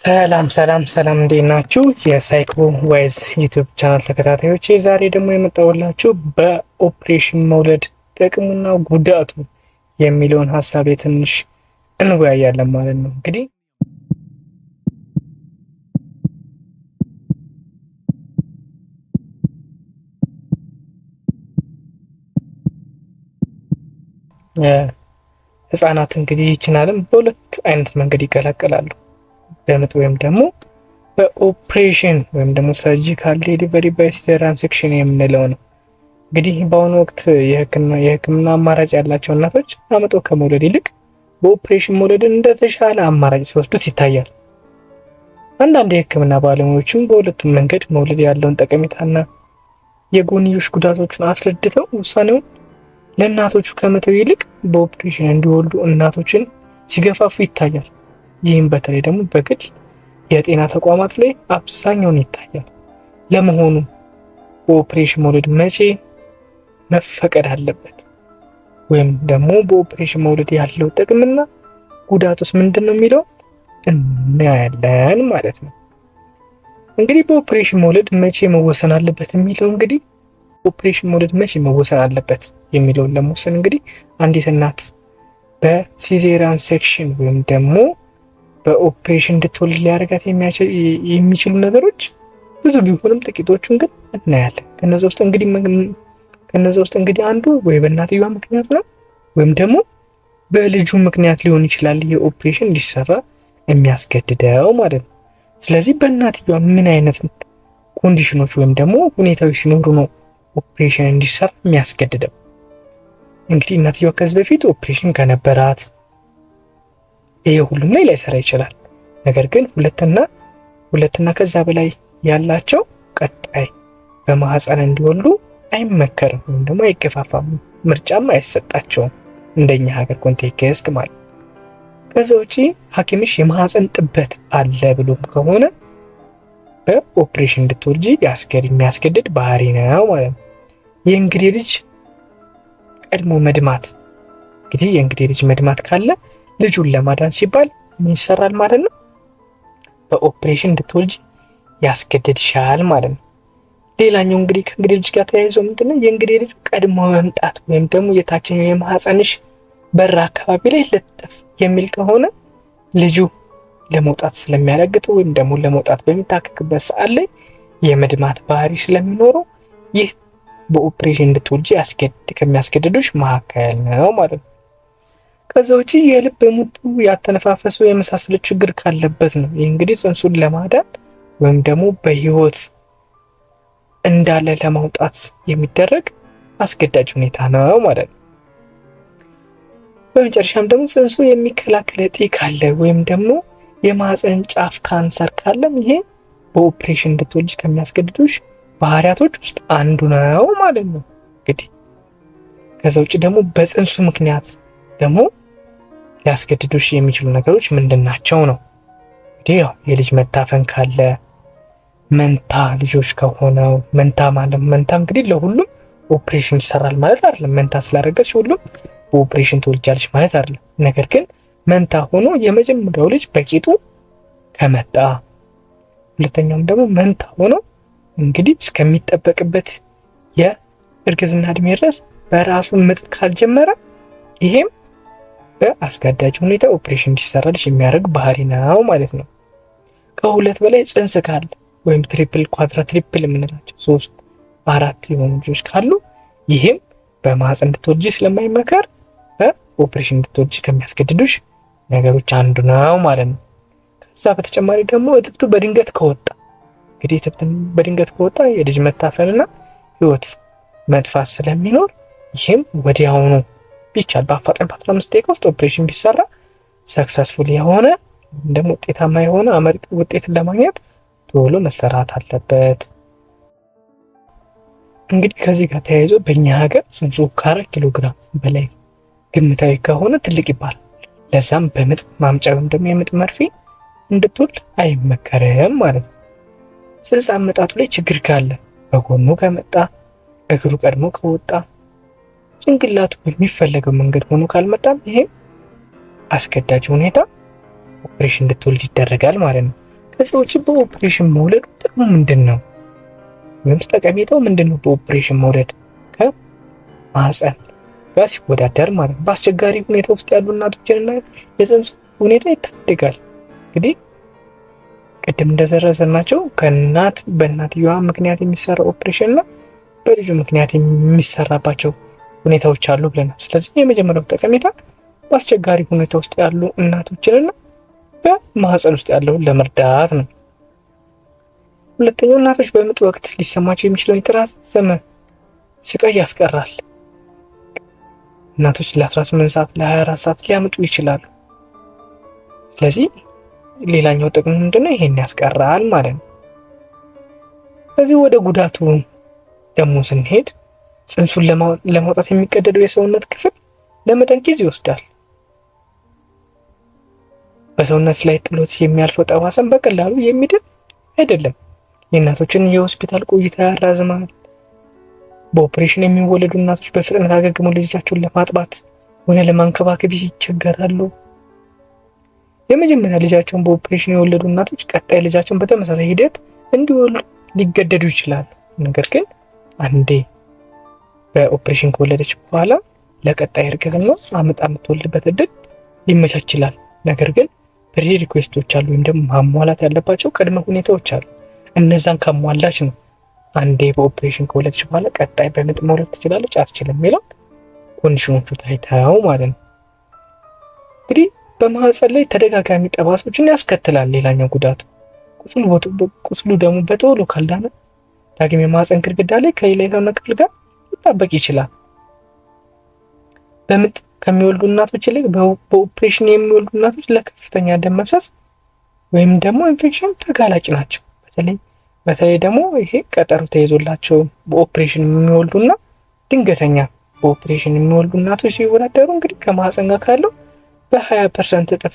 ሰላም ሰላም ሰላም፣ እንዴት ናችሁ? የሳይክሎ ዋይዝ ዩቱብ ቻናል ተከታታዮች፣ ዛሬ ደግሞ የመጣሁላችሁ በኦፕሬሽን መውለድ ጥቅሙና ጉዳቱ የሚለውን ሀሳብ ትንሽ እንወያያለን ማለት ነው። እንግዲህ ህጻናት እንግዲህ ይችናልም በሁለት አይነት መንገድ ይቀላቀላሉ። በምጥ ወይም ደግሞ በኦፕሬሽን ወይም ደግሞ ሰርጂካል ዴሊቨሪ ባይ ሲዘሪያን ሴክሽን የምንለው ነው። እንግዲህ በአሁኑ ወቅት የህክምና አማራጭ ያላቸው እናቶች አምጦ ከመውለድ ይልቅ በኦፕሬሽን መውለድን እንደተሻለ አማራጭ ሲወስዱት ይታያል። አንዳንድ የህክምና ባለሙያዎችም በሁለቱም መንገድ መውለድ ያለውን ጠቀሜታና የጎንዮሽ ጉዳቶችን አስረድተው ውሳኔውን ለእናቶቹ ከመተው ይልቅ በኦፕሬሽን እንዲወልዱ እናቶችን ሲገፋፉ ይታያል። ይህም በተለይ ደግሞ በግል የጤና ተቋማት ላይ አብዛኛውን ይታያል። ለመሆኑ በኦፕሬሽን መውለድ መቼ መፈቀድ አለበት? ወይም ደግሞ በኦፕሬሽን መውለድ ያለው ጥቅምና ጉዳቱስ ምንድን ነው የሚለው እናያለን ማለት ነው። እንግዲህ በኦፕሬሽን መውለድ መቼ መወሰን አለበት የሚለው እንግዲህ ኦፕሬሽን መውለድ መቼ መወሰን አለበት የሚለውን ለመወሰን እንግዲህ አንዲት እናት በሲዜራን ሴክሽን ወይም ደግሞ በኦፕሬሽን እንድትወልድ ሊያደርጋት የሚችሉ ነገሮች ብዙ ቢሆንም ጥቂቶቹን ግን እናያለን። ከነዚ ውስጥ እንግዲህ ከነዚ ውስጥ እንግዲህ አንዱ ወይ በእናትየዋ ምክንያት ነው ወይም ደግሞ በልጁ ምክንያት ሊሆን ይችላል ይህ ኦፕሬሽን እንዲሰራ የሚያስገድደው ማለት ነው። ስለዚህ በእናትዮዋ ምን አይነት ኮንዲሽኖች ወይም ደግሞ ሁኔታዎች ሲኖሩ ነው ኦፕሬሽን እንዲሰራ የሚያስገድደው? እንግዲህ እናትየዋ ከዚህ በፊት ኦፕሬሽን ከነበራት ይሄ ሁሉም ላይ ላይሰራ ይችላል። ነገር ግን ሁለትና ሁለትና ከዛ በላይ ያላቸው ቀጣይ በማህፀን እንዲወልዱ አይመከርም ወይም ደግሞ አይገፋፋም፣ ምርጫም አይሰጣቸውም እንደኛ ሀገር ኮንቴክስት ማለት። ከዛ ውጪ ሐኪምሽ የማህፀን ጥበት አለ ብሎም ከሆነ በኦፕሬሽን እንድትወልጂ የሚያስገድድ ባህሪ ነው ማለት ነው። የእንግዴ ልጅ ቀድሞ መድማት እንግዲህ የእንግዴ ልጅ መድማት ካለ ልጁን ለማዳን ሲባል ምን ይሰራል ማለት ነው? በኦፕሬሽን እንድትወልጅ ያስገድድሻል ማለት ነው። ሌላኛው እንግዲህ ከእንግዲህ ልጅ ጋር ተያይዞ ምንድነው የእንግዲህ ልጁ ቀድሞ መምጣት ወይም ደግሞ የታችኛው የማህፀንሽ በር አካባቢ ላይ ለጠፍ የሚል ከሆነ ልጁ ለመውጣት ስለሚያዳግተው ወይም ደግሞ ለመውጣት በሚታከክበት ሰዓት ላይ የመድማት ባህሪ ስለሚኖረው ይህ በኦፕሬሽን እንድትወልጂ ከሚያስገድዱሽ መካከል ነው ማለት ነው። ከዛ ውጪ የልብ የሙጡ ያተነፋፈሱ የመሳሰሉ ችግር ካለበት ነው። ይህ እንግዲህ ጽንሱን ለማዳን ወይም ደግሞ በህይወት እንዳለ ለማውጣት የሚደረግ አስገዳጅ ሁኔታ ነው ማለት ነው። በመጨረሻም ደግሞ ጽንሱ የሚከላከል እጢ ካለ ወይም ደግሞ የማፀን ጫፍ ካንሰር ካለም ይሄ በኦፕሬሽን እንድትወልጅ ከሚያስገድዱሽ ባህሪያቶች ውስጥ አንዱ ነው ማለት ነው። እንግዲህ ከዛ ውጭ ደግሞ በጽንሱ ምክንያት ደግሞ ሊያስገድዱሽ የሚችሉ ነገሮች ምንድን ናቸው ነው እንግዲህ ያው የልጅ መታፈን ካለ መንታ ልጆች ከሆነው መንታ ማለት መንታ እንግዲህ ለሁሉም ኦፕሬሽን ይሰራል ማለት አይደለም። መንታ ስላደረገች ሁሉም በኦፕሬሽን ትወልጃለች ማለት አይደለም። ነገር ግን መንታ ሆኖ የመጀመሪያው ልጅ በቂጡ ከመጣ ሁለተኛውም ደግሞ መንታ ሆኖ እንግዲህ እስከሚጠበቅበት የእርግዝና እድሜ ድረስ በራሱ ምጥ ካልጀመረ ይሄም በአስገዳጅ ሁኔታ ኦፕሬሽን እንዲሰራልሽ የሚያደርግ ባህሪ ነው ማለት ነው። ከሁለት በላይ ጽንስ ካለ ወይም ትሪፕል ኳድራ ትሪፕል የምንላቸው ሶስት አራት የሆኑ ልጆች ካሉ ይህም በማህፀን እንድትወልጂ ስለማይመከር በኦፕሬሽን እንድትወልጂ ከሚያስገድዱሽ ነገሮች አንዱ ነው ማለት ነው። ከዛ በተጨማሪ ደግሞ እጥብቱ በድንገት ከወጣ እንግዲህ እጥብትን በድንገት ከወጣ የልጅ መታፈንና ህይወት መጥፋት ስለሚኖር ይህም ወዲያውኑ ቢቻል በአፋጣኝ በአስራ አምስት ደቂቃ ውስጥ ኦፕሬሽን ቢሰራ ሰክሰስፉል የሆነ ደግሞ ውጤታማ የሆነ አመርቂ ውጤትን ለማግኘት ቶሎ መሰራት አለበት። እንግዲህ ከዚህ ጋር ተያይዞ በእኛ ሀገር ጽንሱ ከአራት ኪሎ ግራም በላይ ግምታዊ ከሆነ ትልቅ ይባላል። ለዛም በምጥ ማምጫ ወይም ደግሞ የምጥ መርፌ እንድትውል አይመከርም ማለት ነው። ጽንስ አመጣጡ ላይ ችግር ካለ በጎኑ ከመጣ እግሩ ቀድሞ ከወጣ ጭንቅላቱ በሚፈለገው መንገድ ሆኖ ካልመጣም ይሄም አስገዳጅ ሁኔታ ኦፕሬሽን እንድትወልድ ይደረጋል ማለት ነው። ከዚህ ውጭ በኦፕሬሽን መውለዱ ጥቅሙ ምንድን ነው? ወይምስ ጠቀሜታው ምንድን ነው? በኦፕሬሽን መውለድ ከማህፀን ጋር ሲወዳደር ማለት ነው። በአስቸጋሪ ሁኔታ ውስጥ ያሉ እናቶችንና የፅንሱ ሁኔታ ይታደጋል። እንግዲህ ቅድም እንደዘረዘርናቸው ከእናት በእናትየዋ ምክንያት የሚሰራ ኦፕሬሽን እና በልጁ ምክንያት የሚሰራባቸው ሁኔታዎች አሉ ብለናል። ስለዚህ የመጀመሪያው ጠቀሜታ በአስቸጋሪ ሁኔታ ውስጥ ያሉ እናቶችንና በማህፀን ውስጥ ያለውን ለመርዳት ነው። ሁለተኛው እናቶች በምጥ ወቅት ሊሰማቸው የሚችለውን የተራዘመ ስቃይ ያስቀራል። እናቶች ለ18 ሰዓት ለ24 ሰዓት ሊያምጡ ይችላሉ። ስለዚህ ሌላኛው ጥቅሙ ምንድነው? ይሄን ያስቀራል ማለት ነው። ከዚህ ወደ ጉዳቱ ደግሞ ስንሄድ ጽንሱን ለማውጣት የሚቀደደው የሰውነት ክፍል ለመዳን ጊዜ ይወስዳል። በሰውነት ላይ ጥሎት የሚያልፈው ጠባሳም በቀላሉ የሚድን አይደለም። የእናቶችን የሆስፒታል ቆይታ ያራዝማል። በኦፕሬሽን የሚወለዱ እናቶች በፍጥነት አገግመው ልጃቸውን ለማጥባት ሆነ ለማንከባከብ ይቸገራሉ። የመጀመሪያ ልጃቸውን በኦፕሬሽን የወለዱ እናቶች ቀጣይ ልጃቸውን በተመሳሳይ ሂደት እንዲወሉ ሊገደዱ ይችላሉ። ነገር ግን አንዴ በኦፕሬሽን ከወለደች በኋላ ለቀጣይ እርግዝና አምጣ የምትወልድበት እድል ሊመቻች ይችላል። ነገር ግን ፕሪ ሪኩዌስቶች አሉ ወይም ደግሞ ማሟላት ያለባቸው ቅድመ ሁኔታዎች አሉ። እነዛን ካሟላች ነው አንዴ በኦፕሬሽን ከወለደች በኋላ ቀጣይ በምጥ መውለድ ትችላለች አትችልም የሚለው ኮንዲሽኖቹ ታይተው ማለት ነው። እንግዲህ በማህፀን ላይ ተደጋጋሚ ጠባሶችን ያስከትላል። ሌላኛው ጉዳቱ ቁስሉ ደግሞ በቶሎ ካልዳነ ዳግም የማህፀን ግድግዳ ላይ ከሌላ የሰውነት ክፍል ጋር ሊጠበቅ ይችላል። በምጥ ከሚወልዱ እናቶች ይልቅ በኦፕሬሽን የሚወልዱ እናቶች ለከፍተኛ ደም መፍሰስ ወይም ደግሞ ኢንፌክሽን ተጋላጭ ናቸው። በተለይ በተለይ ደግሞ ይሄ ቀጠሮ ተይዞላቸው በኦፕሬሽን የሚወልዱና ድንገተኛ በኦፕሬሽን የሚወልዱ እናቶች ሲወዳደሩ እንግዲህ ከማህፀን ጋር ካለው በ20 ፐርሰንት እጥፍ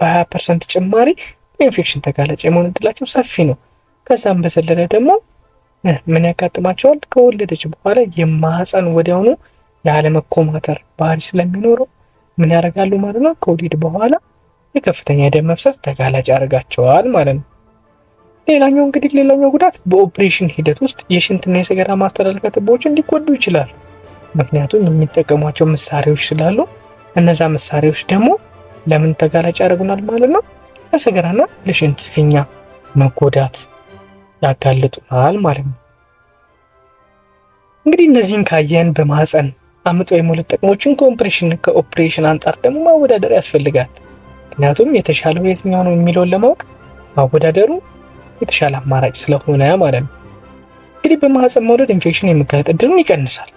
በ20 ፐርሰንት ጭማሪ በኢንፌክሽን ተጋላጭ የመሆን እድላቸው ሰፊ ነው። ከዛም በዘለለ ደግሞ ምን ያጋጥማቸዋል? ከወለደች በኋላ የማህፀን ወዲያውኑ ያለመኮማተር ባህሪ ስለሚኖረው ምን ያደርጋሉ ማለት ነው። ከወሊድ በኋላ የከፍተኛ ደም መፍሰስ ተጋላጭ ያደርጋቸዋል ማለት ነው። ሌላኛው እንግዲህ ሌላኛው ጉዳት በኦፕሬሽን ሂደት ውስጥ የሽንትና የሰገራ ማስተላለፊያ ቱቦዎችን ሊጎዱ ይችላል። ምክንያቱም የሚጠቀሟቸው መሳሪያዎች ስላሉ እነዛ መሳሪያዎች ደግሞ ለምን ተጋላጭ ያደርጉናል ማለት ነው? ለሰገራና ለሽንት ፊኛ መጎዳት ያጋልጡናል ማለት ነው። እንግዲህ እነዚህን ካየን በማህፀን አምጦ የመውለድ ጥቅሞችን ኮምፕሬሽን ከኦፕሬሽን አንጻር ደግሞ ማወዳደር ያስፈልጋል። ምክንያቱም የተሻለው የትኛው ነው የሚለውን ለማወቅ ማወዳደሩ የተሻለ አማራጭ ስለሆነ ማለት ነው። እንግዲህ በማህፀን መውለድ ኢንፌክሽን የመጋለጥ እድልን ይቀንሳል።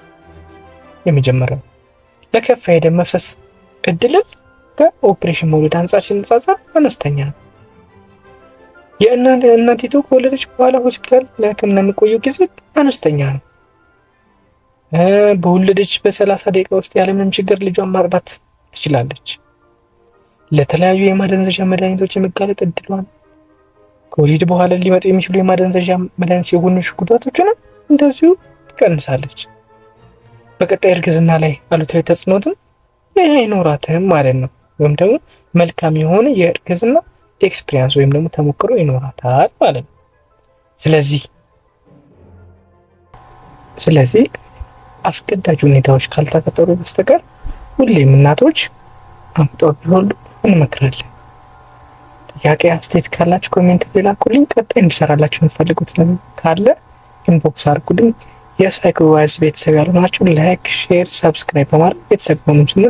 የመጀመሪያው ለከፋ የደም መፍሰስ እድልን ከኦፕሬሽን መውለድ አንጻር ሲነጻጸር አነስተኛ ነው። የእናንተ እናቲቱ ከወለደች በኋላ ሆስፒታል ለሕክምና የሚቆየው ጊዜ አነስተኛ ነው። በወለደች በሰላሳ ደቂቃ ውስጥ ያለምንም ችግር ልጇን ማጥባት ትችላለች። ለተለያዩ የማደንዘዣ መድኃኒቶች የመጋለጥ እድሏን ከወሊድ በኋላ ሊመጡ የሚችሉ የማደንዘዣ መድኃኒት የጎንዮሽ ጉዳቶችንም እንደዚሁ ትቀንሳለች። በቀጣይ እርግዝና ላይ አሉታዊ ተጽዕኖትም ይህ አይኖራትም ማለት ነው። ወይም ደግሞ መልካም የሆነ የእርግዝና ኤክስፒሪያንስ ወይም ደግሞ ተሞክሮ ይኖራታል ማለት ነው። ስለዚህ ስለዚህ አስገዳጅ ሁኔታዎች ካልተፈጠሩ በስተቀር ሁሌም እናቶች አምጠው ቢሆን እንመክራለን። ጥያቄ አስተያየት ካላችሁ ኮሜንት ቢላኩልኝ፣ ቀጣይ እንዲሰራላችሁ የምፈልጉት ካለ ኢንቦክስ አድርጉልኝ። የሳይኮ ዋይዝ ቤተሰብ ያልሆናችሁ ላይክ፣ ሼር፣ ሰብስክራይብ በማድረግ ቤተሰብ በሙሉ